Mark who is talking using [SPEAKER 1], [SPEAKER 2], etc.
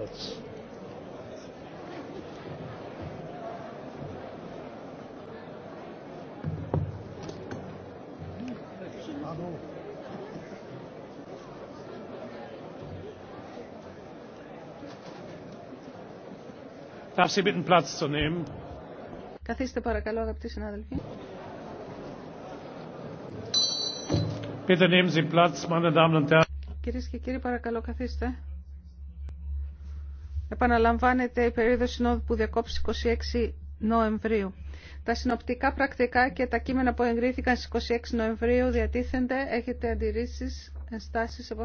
[SPEAKER 1] That's Darf Sie bitten, Platz zu nehmen.
[SPEAKER 2] Καθίστε παρακαλώ, αγαπητοί συνάδελφοι.
[SPEAKER 3] Bitte nehmen Sie Platz, meine Damen und Herren.
[SPEAKER 2] Κυρίες και κύριοι, παρακαλώ καθίστε. Επαναλαμβάνεται η περίοδο συνόδου που διακόψει 26 Νοεμβρίου.
[SPEAKER 4] Τα συνοπτικά πρακτικά και τα κείμενα που εγκρίθηκαν στις 26 Νοεμβρίου διατίθενται. Έχετε αντιρρήσεις, ενστάσεις,